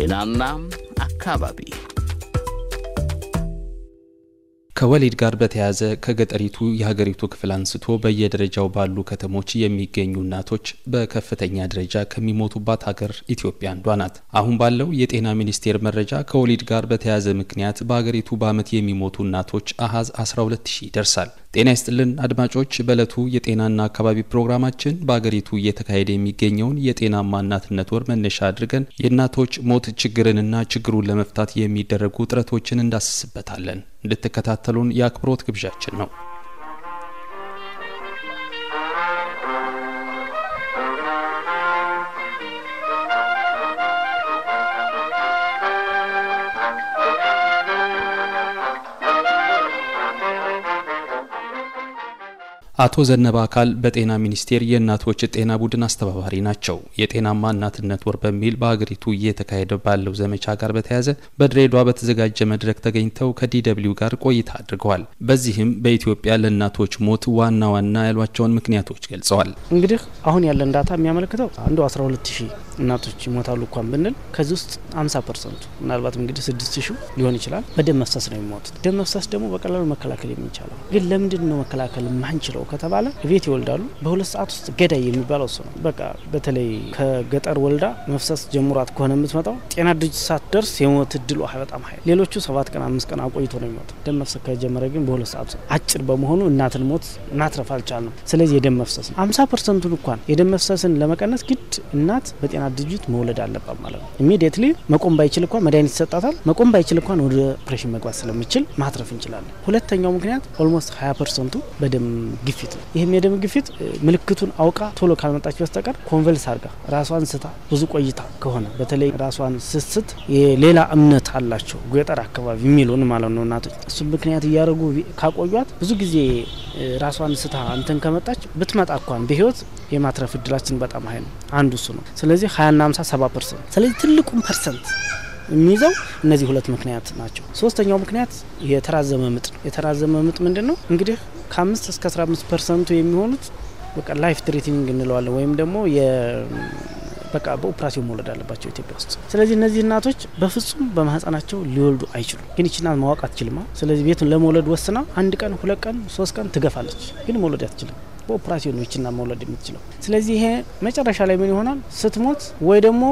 ጤናና አካባቢ ከወሊድ ጋር በተያያዘ ከገጠሪቱ የሀገሪቱ ክፍል አንስቶ በየደረጃው ባሉ ከተሞች የሚገኙ እናቶች በከፍተኛ ደረጃ ከሚሞቱባት ሀገር ኢትዮጵያ አንዷ ናት። አሁን ባለው የጤና ሚኒስቴር መረጃ ከወሊድ ጋር በተያያዘ ምክንያት በሀገሪቱ በዓመት የሚሞቱ እናቶች አሀዝ 12 ሺህ ይደርሳል። ጤና ይስጥልን አድማጮች፣ በለቱ የጤናና አካባቢ ፕሮግራማችን በአገሪቱ እየተካሄደ የሚገኘውን የጤናማ እናትነት ወር መነሻ አድርገን የእናቶች ሞት ችግርንና ችግሩን ለመፍታት የሚደረጉ ጥረቶችን እንዳስስበታለን። እንድትከታተሉን የአክብሮት ግብዣችን ነው። አቶ ዘነበ አካል በጤና ሚኒስቴር የእናቶች ጤና ቡድን አስተባባሪ ናቸው። የጤናማ እናትነት ወር በሚል በሀገሪቱ እየተካሄደ ባለው ዘመቻ ጋር በተያያዘ በድሬዷ በተዘጋጀ መድረክ ተገኝተው ከዲደብሊው ጋር ቆይታ አድርገዋል። በዚህም በኢትዮጵያ ለእናቶች ሞት ዋና ዋና ያሏቸውን ምክንያቶች ገልጸዋል። እንግዲህ አሁን ያለን ዳታ የሚያመለክተው አንዱ 12 ሺህ እናቶች ይሞታሉ እንኳን ብንል ከዚህ ውስጥ 50 ፐርሰንቱ ምናልባት እንግዲህ ስድስት ሺ ሊሆን ይችላል በደም መፍሰስ ነው የሚሞቱት። ደም መፍሰስ ደግሞ በቀላሉ መከላከል የሚቻለው ግን ለምንድን ነው መከላከል የማንችለው ከተባለ ቤት ይወልዳሉ። በሁለት ሰዓት ውስጥ ገዳይ የሚባለው እሱ ነው። በቃ በተለይ ከገጠር ወልዳ መፍሰስ ጀምሯት ከሆነ የምትመጣው ጤና ድርጅት ሳትደርስ የሞት እድሉ በጣም ሀይል ሌሎቹ ሰባት ቀን አምስት ቀን አቆይቶ ነው የሚሞት። ደም መፍሰስ ከጀመረ ግን በሁለት ሰዓት አጭር በመሆኑ እናትን ሞት እናትረፍ አልቻል ነው። ስለዚህ የደም መፍሰስ ነው 50 ፐርሰንቱን እንኳን የደም መፍሰስን ለመቀነስ ግድ እናት በጤና የህፃናት ድርጅት መውለድ አለባት ማለት ነው። ኢሚዲየትሊ መቆም ባይችል እንኳን መድኃኒት ይሰጣታል። መቆም ባይችል እንኳን ወደ ኦፕሬሽን መግባት ስለምችል ማትረፍ እንችላለን። ሁለተኛው ምክንያት ኦልሞስት 20 ፐርሰንቱ በደም ግፊት ነው። ይህም የደም ግፊት ምልክቱን አውቃ ቶሎ ካልመጣች በስተቀር ኮንቨልስ አርጋ ራሷን ስታ ብዙ ቆይታ ከሆነ በተለይ ራሷን ስስት የሌላ እምነት አላቸው ጎጠር አካባቢ የሚሉን ማለት ነው እናቶች እሱ ምክንያት እያደረጉ ካቆዩት ብዙ ጊዜ ራሷን ስታ እንትን ከመጣች ብትመጣ እንኳን በህይወት የማትረፍ እድላችን በጣም ሀይ ነው። አንዱ እሱ ነው። ስለዚህ ሀያና ሀምሳ ሰባ ፐርሰንት። ስለዚህ ትልቁን ፐርሰንት የሚይዘው እነዚህ ሁለት ምክንያት ናቸው። ሶስተኛው ምክንያት የተራዘመ ምጥ ነው። የተራዘመ ምጥ ምንድን ነው እንግዲህ ከአምስት እስከ አስራ አምስት ፐርሰንቱ የሚሆኑት በቃ ላይፍ ትሬቲንግ እንለዋለን ወይም ደግሞ በቃ በኦፕራሲዮን መውለድ አለባቸው ኢትዮጵያ ውስጥ። ስለዚህ እነዚህ እናቶች በፍጹም በማህፀናቸው ሊወልዱ አይችሉም። ግን ይች ማወቅ አትችልማ። ስለዚህ ቤቱን ለመውለድ ወስና አንድ ቀን፣ ሁለት ቀን፣ ሶስት ቀን ትገፋለች፣ ግን መውለድ አትችልም። በኦፕራሲዮኖችና መውለድ የምትችለው። ስለዚህ ይሄ መጨረሻ ላይ ምን ይሆናል? ስትሞት ወይ ደግሞ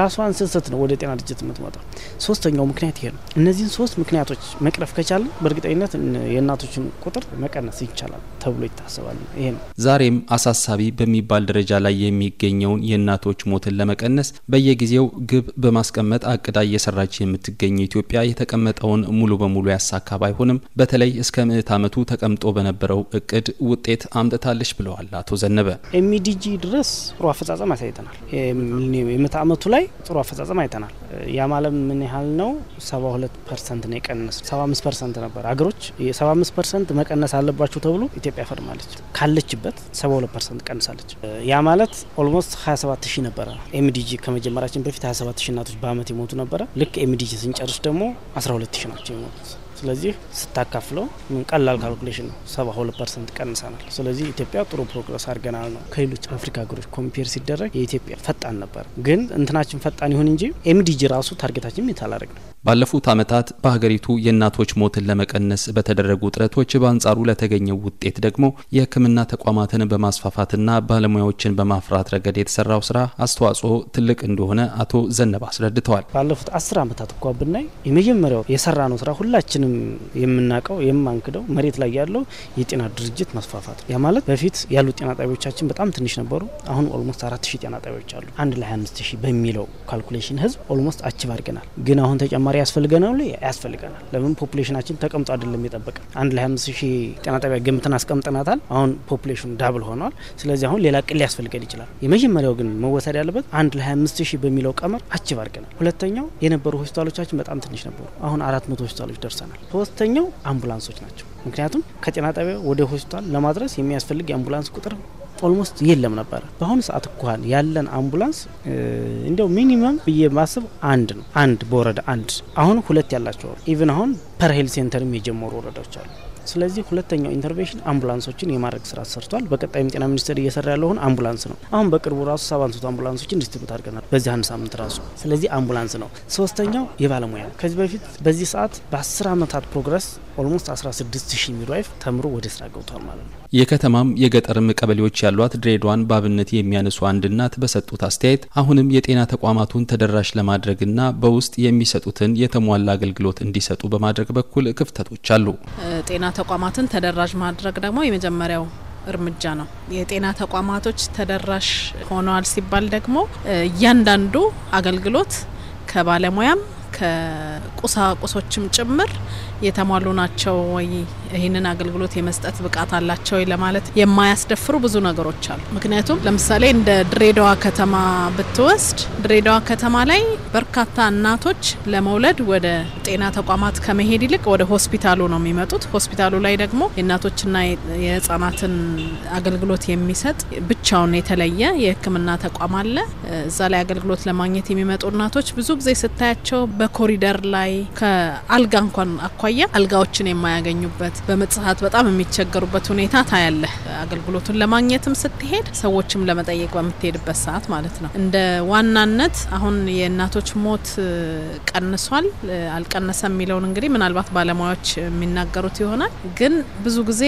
ራሷን ስትስት ነው ወደ ጤና ድርጅት የምትመጣው። ሶስተኛው ምክንያት ይሄ ነው። እነዚህን ሶስት ምክንያቶች መቅረፍ ከቻለ በእርግጠኝነት የእናቶችን ቁጥር መቀነስ ይቻላል ተብሎ ይታሰባል። ይሄ ነው ዛሬም አሳሳቢ በሚባል ደረጃ ላይ የሚገኘውን የእናቶች ሞትን ለመቀነስ በየጊዜው ግብ በማስቀመጥ አቅዳ እየሰራች የምትገኘው ኢትዮጵያ የተቀመጠውን ሙሉ በሙሉ ያሳካ ባይሆንም በተለይ እስከ ምዕት ዓመቱ ተቀምጦ በነበረው እቅድ ውጤት አምጥታል ትችላለች ብለዋል አቶ ዘነበ። ኤምዲጂ ድረስ ጥሩ አፈጻጸም አሳይተናል። የምዕተ ዓመቱ ላይ ጥሩ አፈጻጸም አይተናል። ያ ምን ያህል ነው? 72 ፐርሰንት ነው የቀነሱ። 75 ፐርሰንት ነበር። አገሮች የ75 ፐርሰንት መቀነስ አለባቸው ተብሎ ኢትዮጵያ ፈርማለች። ካለችበት 72 ፐርሰንት ቀንሳለች። ያ ማለት ኦልሞስት 27 ሺህ ነበረ ኤምዲጂ ከመጀመሪያችን በፊት 27 ሺህ እናቶች በአመት የሞቱ ነበረ። ልክ ኤምዲጂ ስንጨርስ ደግሞ 12 ሺህ ናቸው የሞቱት። ስለዚህ ስታካፍለው ምን ቀላል ካልኩሌሽን ነው፣ ሰባ ሁለት ፐርሰንት ቀንሰናል። ስለዚህ ኢትዮጵያ ጥሩ ፕሮግረስ አድርገናል ነው። ከሌሎች አፍሪካ ሀገሮች ኮምፔር ሲደረግ የኢትዮጵያ ፈጣን ነበር፣ ግን እንትናችን ፈጣን ይሁን እንጂ ኤምዲጂ ራሱ ታርጌታችን አላደረግ ነው። ባለፉት ዓመታት በሀገሪቱ የእናቶች ሞትን ለመቀነስ በተደረጉ ጥረቶች በአንጻሩ ለተገኘው ውጤት ደግሞ የሕክምና ተቋማትን በማስፋፋትና ባለሙያዎችን በማፍራት ረገድ የተሰራው ስራ አስተዋጽኦ ትልቅ እንደሆነ አቶ ዘነባ አስረድተዋል። ባለፉት አስር ዓመታት እኳ ብናይ የመጀመሪያው የሰራ ነው ስራ ሁላችንም የምናውቀው የማንክደው መሬት ላይ ያለው የጤና ድርጅት መስፋፋት ያ ማለት በፊት ያሉ ጤና ጣቢያዎቻችን በጣም ትንሽ ነበሩ። አሁን ኦልሞስት አራት ሺህ ጤና ጣቢያዎች አሉ። አንድ ላይ አምስት ሺህ በሚለው ካልኩሌሽን ህዝብ ኦልሞስት አችብ አድርገናል። ግን አሁን ተጨማ ተጨማሪ ያስፈልገናል ያስፈልገናል። ለምን ፖፕሌሽናችን ተቀምጦ አይደለም የጠበቀ አንድ ለ25 ሺህ ጤና ጣቢያ ግምትን አስቀምጠናታል። አሁን ፖፕሌሽኑ ዳብል ሆኗል። ስለዚህ አሁን ሌላ ቅል ሊያስፈልገን ይችላል። የመጀመሪያው ግን መወሰድ ያለበት አንድ ለ25 ሺህ በሚለው ቀመር አችብ አድርገናል። ሁለተኛው የነበሩ ሆስፒታሎቻችን በጣም ትንሽ ነበሩ። አሁን አራት መቶ ሆስፒታሎች ደርሰናል። ሶስተኛው አምቡላንሶች ናቸው። ምክንያቱም ከጤና ጣቢያ ወደ ሆስፒታል ለማድረስ የሚያስፈልግ የአምቡላንስ ቁጥር ኦልሞስት የለም ነበረ። በአሁኑ ሰዓት እኳን ያለን አምቡላንስ እንዲያው ሚኒመም ብዬ ማስብ አንድ ነው። አንድ በወረዳ አንድ አሁን ሁለት ያላቸው ኢቨን አሁን ፐር ሄልዝ ሴንተርም የጀመሩ ወረዳዎች አሉ። ስለዚህ ሁለተኛው ኢንተርቬንሽን አምቡላንሶችን የማድረግ ስራ ተሰርቷል። በቀጣይም ጤና ሚኒስቴር እየሰራ ያለውን አምቡላንስ ነው። አሁን በቅርቡ ራሱ ሰባት መቶ አምቡላንሶችን ዲስትሪቡት አድርገናል በዚህ አንድ ሳምንት ራሱ። ስለዚህ አምቡላንስ ነው። ሶስተኛው የባለሙያ ነው። ከዚህ በፊት በዚህ ሰዓት በአስር ዓመታት ፕሮግረስ ኦልሞስት 16 ሺህ ሚድዋይፍ ተምሮ ወደ ስራ ገብቷል ማለት ነው። የከተማም የገጠርም ቀበሌዎች ያሏት ድሬዳዋን በአብነት የሚያነሱ አንድ እናት በሰጡት አስተያየት አሁንም የጤና ተቋማቱን ተደራሽ ለማድረግና በውስጥ የሚሰጡትን የተሟላ አገልግሎት እንዲሰጡ በማድረግ በኩል ክፍተቶች አሉ። ተቋማትን ተደራሽ ማድረግ ደግሞ የመጀመሪያው እርምጃ ነው። የጤና ተቋማቶች ተደራሽ ሆነዋል ሲባል ደግሞ እያንዳንዱ አገልግሎት ከባለሙያም ከቁሳቁሶችም ጭምር የተሟሉ ናቸው ወይ፣ ይህንን አገልግሎት የመስጠት ብቃት አላቸው ወይ ለማለት የማያስደፍሩ ብዙ ነገሮች አሉ። ምክንያቱም ለምሳሌ እንደ ድሬዳዋ ከተማ ብትወስድ ድሬዳዋ ከተማ ላይ በርካታ እናቶች ለመውለድ ወደ ጤና ተቋማት ከመሄድ ይልቅ ወደ ሆስፒታሉ ነው የሚመጡት። ሆስፒታሉ ላይ ደግሞ የእናቶችና የህጻናትን አገልግሎት የሚሰጥ ብቻውን የተለየ የህክምና ተቋም አለ። እዛ ላይ አገልግሎት ለማግኘት የሚመጡ እናቶች ብዙ ጊዜ ስታያቸው በ ከኮሪደር ላይ ከአልጋ እንኳን አኳያ አልጋዎችን የማያገኙበት በመጽሀት በጣም የሚቸገሩበት ሁኔታ ታያለህ። አገልግሎቱን ለማግኘትም ስትሄድ ሰዎችም ለመጠየቅ በምትሄድበት ሰዓት ማለት ነው። እንደ ዋናነት አሁን የእናቶች ሞት ቀንሷል አልቀነሰም የሚለውን እንግዲህ ምናልባት ባለሙያዎች የሚናገሩት ይሆናል። ግን ብዙ ጊዜ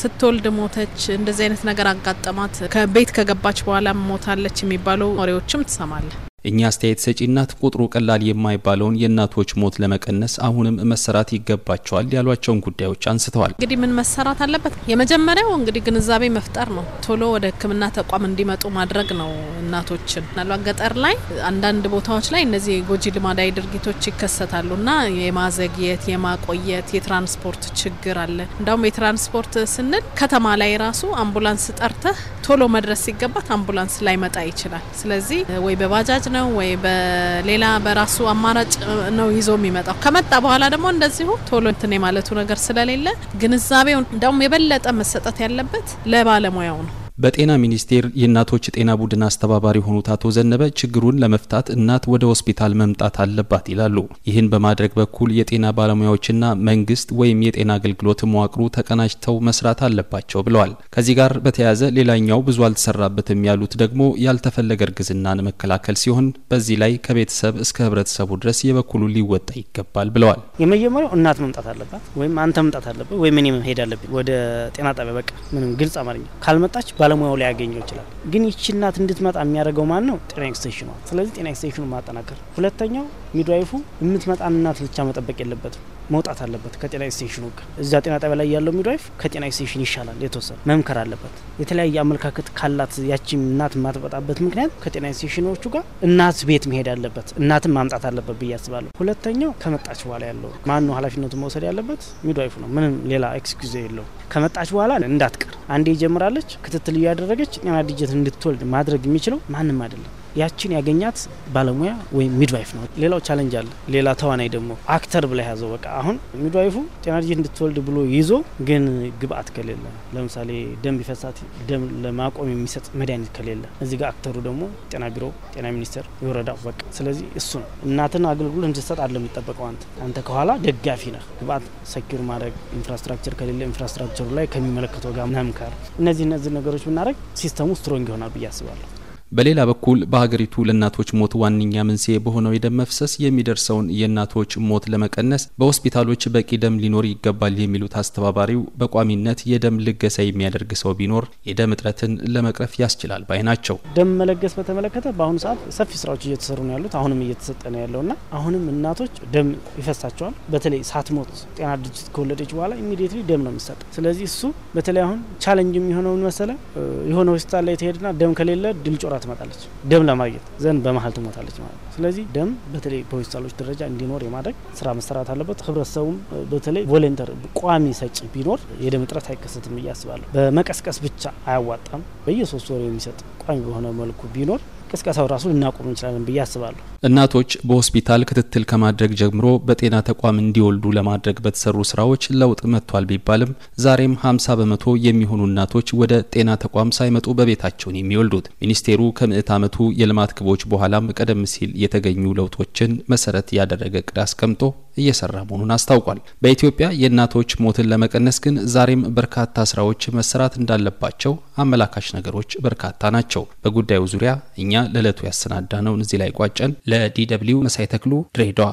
ስትወልድ ሞተች፣ እንደዚህ አይነት ነገር አጋጠማት፣ ከቤት ከገባች በኋላ ሞታለች የሚባሉ ወሬዎችም ትሰማለህ። እኛ አስተያየት ሰጪ እናት ቁጥሩ ቀላል የማይባለውን የእናቶች ሞት ለመቀነስ አሁንም መሰራት ይገባቸዋል ያሏቸውን ጉዳዮች አንስተዋል። እንግዲህ ምን መሰራት አለበት? የመጀመሪያው እንግዲህ ግንዛቤ መፍጠር ነው። ቶሎ ወደ ሕክምና ተቋም እንዲመጡ ማድረግ ነው እናቶችን። ምናልባት ገጠር ላይ አንዳንድ ቦታዎች ላይ እነዚህ ጎጂ ልማዳዊ ድርጊቶች ይከሰታሉ እና የማዘግየት የማቆየት፣ የትራንስፖርት ችግር አለ። እንዳውም የትራንስፖርት ስንል ከተማ ላይ ራሱ አምቡላንስ ጠርተህ ቶሎ መድረስ ሲገባት አምቡላንስ ላይመጣ ይችላል። ስለዚህ ወይ በባጃጅ ነው ወይ በሌላ በራሱ አማራጭ ነው ይዞ የሚመጣው። ከመጣ በኋላ ደግሞ እንደዚሁ ቶሎ እንትን የማለቱ ነገር ስለሌለ ግንዛቤው እንደውም የበለጠ መሰጠት ያለበት ለባለሙያው ነው። በጤና ሚኒስቴር የእናቶች ጤና ቡድን አስተባባሪ የሆኑት አቶ ዘነበ ችግሩን ለመፍታት እናት ወደ ሆስፒታል መምጣት አለባት ይላሉ። ይህን በማድረግ በኩል የጤና ባለሙያዎችና መንግስት ወይም የጤና አገልግሎት መዋቅሩ ተቀናጅተው መስራት አለባቸው ብለዋል። ከዚህ ጋር በተያያዘ ሌላኛው ብዙ አልተሰራበትም ያሉት ደግሞ ያልተፈለገ እርግዝናን መከላከል ሲሆን በዚህ ላይ ከቤተሰብ እስከ ህብረተሰቡ ድረስ የበኩሉ ሊወጣ ይገባል ብለዋል። የመጀመሪያው እናት መምጣት አለባት ወይም አንተ መምጣት አለበት ወይም እኔ መሄድ አለብኝ ወደ ጤና ጣቢያ። በቃ ምንም ግልጽ አማርኛ ካልመጣች ባለሙያው ላይ ያገኘው ይችላል። ግን ይቺ እናት እንድትመጣ የሚያደርገው ማን ነው? ጤና ኤክስቴንሽኗ። ስለዚህ ጤና ኤክስቴንሽኑን ማጠናከር፣ ሁለተኛው ሚድዋይፉ የምትመጣን እናት ብቻ መጠበቅ የለበትም። መውጣት አለበት ከጤና ኤክስቴንሽኑ ጋር። እዛ ጤና ጣቢያ ላይ ያለው ሚድዋይፍ ከጤና ኤክስቴንሽን ይሻላል የተወሰነ መምከር አለበት። የተለያየ አመለካከት ካላት ያቺ እናት የማትበጣበት ምክንያት ከጤና ኤክስቴንሽኖቹ ጋር እናት ቤት መሄድ አለበት፣ እናትን ማምጣት አለበት ብዬ አስባለሁ። ሁለተኛው ከመጣች በኋላ ያለው ማን ኃላፊነቱ መውሰድ ያለበት ሚድዋይፉ ነው። ምንም ሌላ ኤክስኪዝ የለው ከመጣች በኋላ እንዳትቀር አንዴ ጀምራለች ክትትል እያደረገች ጤና ዲጀት እንድትወልድ ማድረግ የሚችለው ማንም አይደለም። ያችን ያገኛት ባለሙያ ወይም ሚድዋይፍ ነው። ሌላው ቻለንጅ አለ። ሌላ ተዋናይ ደግሞ አክተር ብላ ያዘው። በቃ አሁን ሚድዋይፉ ጤና ልጅ እንድትወልድ ብሎ ይዞ ግን ግብአት ከሌለ ለምሳሌ ደም ቢፈሳት ደም ለማቆም የሚሰጥ መድኃኒት ከሌለ እዚህ ጋር አክተሩ ደግሞ ጤና ቢሮ፣ ጤና ሚኒስቴር፣ የወረዳው በቃ ስለዚህ እሱ ነው እናትን አገልግሎት እንድትሰጥ አለ የሚጠበቀው። አንተ አንተ ከኋላ ደጋፊ ነህ። ግብአት ሰኪር ማድረግ ኢንፍራስትራክቸር ከሌለ ኢንፍራስትራክቸሩ ላይ ከሚመለከተው ጋር መምከር፣ እነዚህ እነዚህ ነገሮች ብናደረግ ሲስተሙ ስትሮንግ ይሆናል ብዬ አስባለሁ። በሌላ በኩል በሀገሪቱ ለእናቶች ሞት ዋነኛ መንስኤ በሆነው የደም መፍሰስ የሚደርሰውን የእናቶች ሞት ለመቀነስ በሆስፒታሎች በቂ ደም ሊኖር ይገባል የሚሉት አስተባባሪው በቋሚነት የደም ልገሳ የሚያደርግ ሰው ቢኖር የደም እጥረትን ለመቅረፍ ያስችላል ባይ ናቸው። ደም መለገስ በተመለከተ በአሁኑ ሰዓት ሰፊ ስራዎች እየተሰሩ ነው ያሉት፣ አሁንም እየተሰጠ ነው ያለውና አሁንም እናቶች ደም ይፈሳቸዋል። በተለይ ሳትሞት ጤና ድርጅት ከወለደች በኋላ ኢሚዲየትሊ ደም ነው የሚሰጠ። ስለዚህ እሱ በተለይ አሁን ቻለንጅ የሚሆነውን መሰለ የሆነ ሆስፒታል ላይ ተሄድና ደም ከሌለ ድል ጮራ ትመጣለች። ደም ለማግኘት ዘንድ በመሀል ትሞታለች ማለት ነው። ስለዚህ ደም በተለይ በሆስፒታሎች ደረጃ እንዲኖር የማድረግ ስራ መሰራት አለበት። ህብረተሰቡም በተለይ ቮለንተር ቋሚ ሰጪ ቢኖር የደም እጥረት አይከሰትም ብዬ አስባለሁ። በመቀስቀስ ብቻ አያዋጣም። በየሶስት ወር የሚሰጥ ቋሚ በሆነ መልኩ ቢኖር ቅስቀሳው ራሱ ልናቆም እንችላለን ብዬ አስባለሁ። እናቶች በሆስፒታል ክትትል ከማድረግ ጀምሮ በጤና ተቋም እንዲወልዱ ለማድረግ በተሰሩ ስራዎች ለውጥ መጥቷል ቢባልም ዛሬም 50 በመቶ የሚሆኑ እናቶች ወደ ጤና ተቋም ሳይመጡ በቤታቸውን የሚወልዱት ሚኒስቴሩ ከምዕት ዓመቱ የልማት ግቦች በኋላም ቀደም ሲል የተገኙ ለውጦችን መሰረት ያደረገ እቅድ አስቀምጦ እየሰራ መሆኑን አስታውቋል። በኢትዮጵያ የእናቶች ሞትን ለመቀነስ ግን ዛሬም በርካታ ስራዎች መሰራት እንዳለባቸው አመላካች ነገሮች በርካታ ናቸው። በጉዳዩ ዙሪያ እኛ ለዕለቱ ያሰናዳ ነውን እዚህ ላይ ቋጨን። ለዲ ደብልዩ መሳይ ተክሉ ድሬዳዋ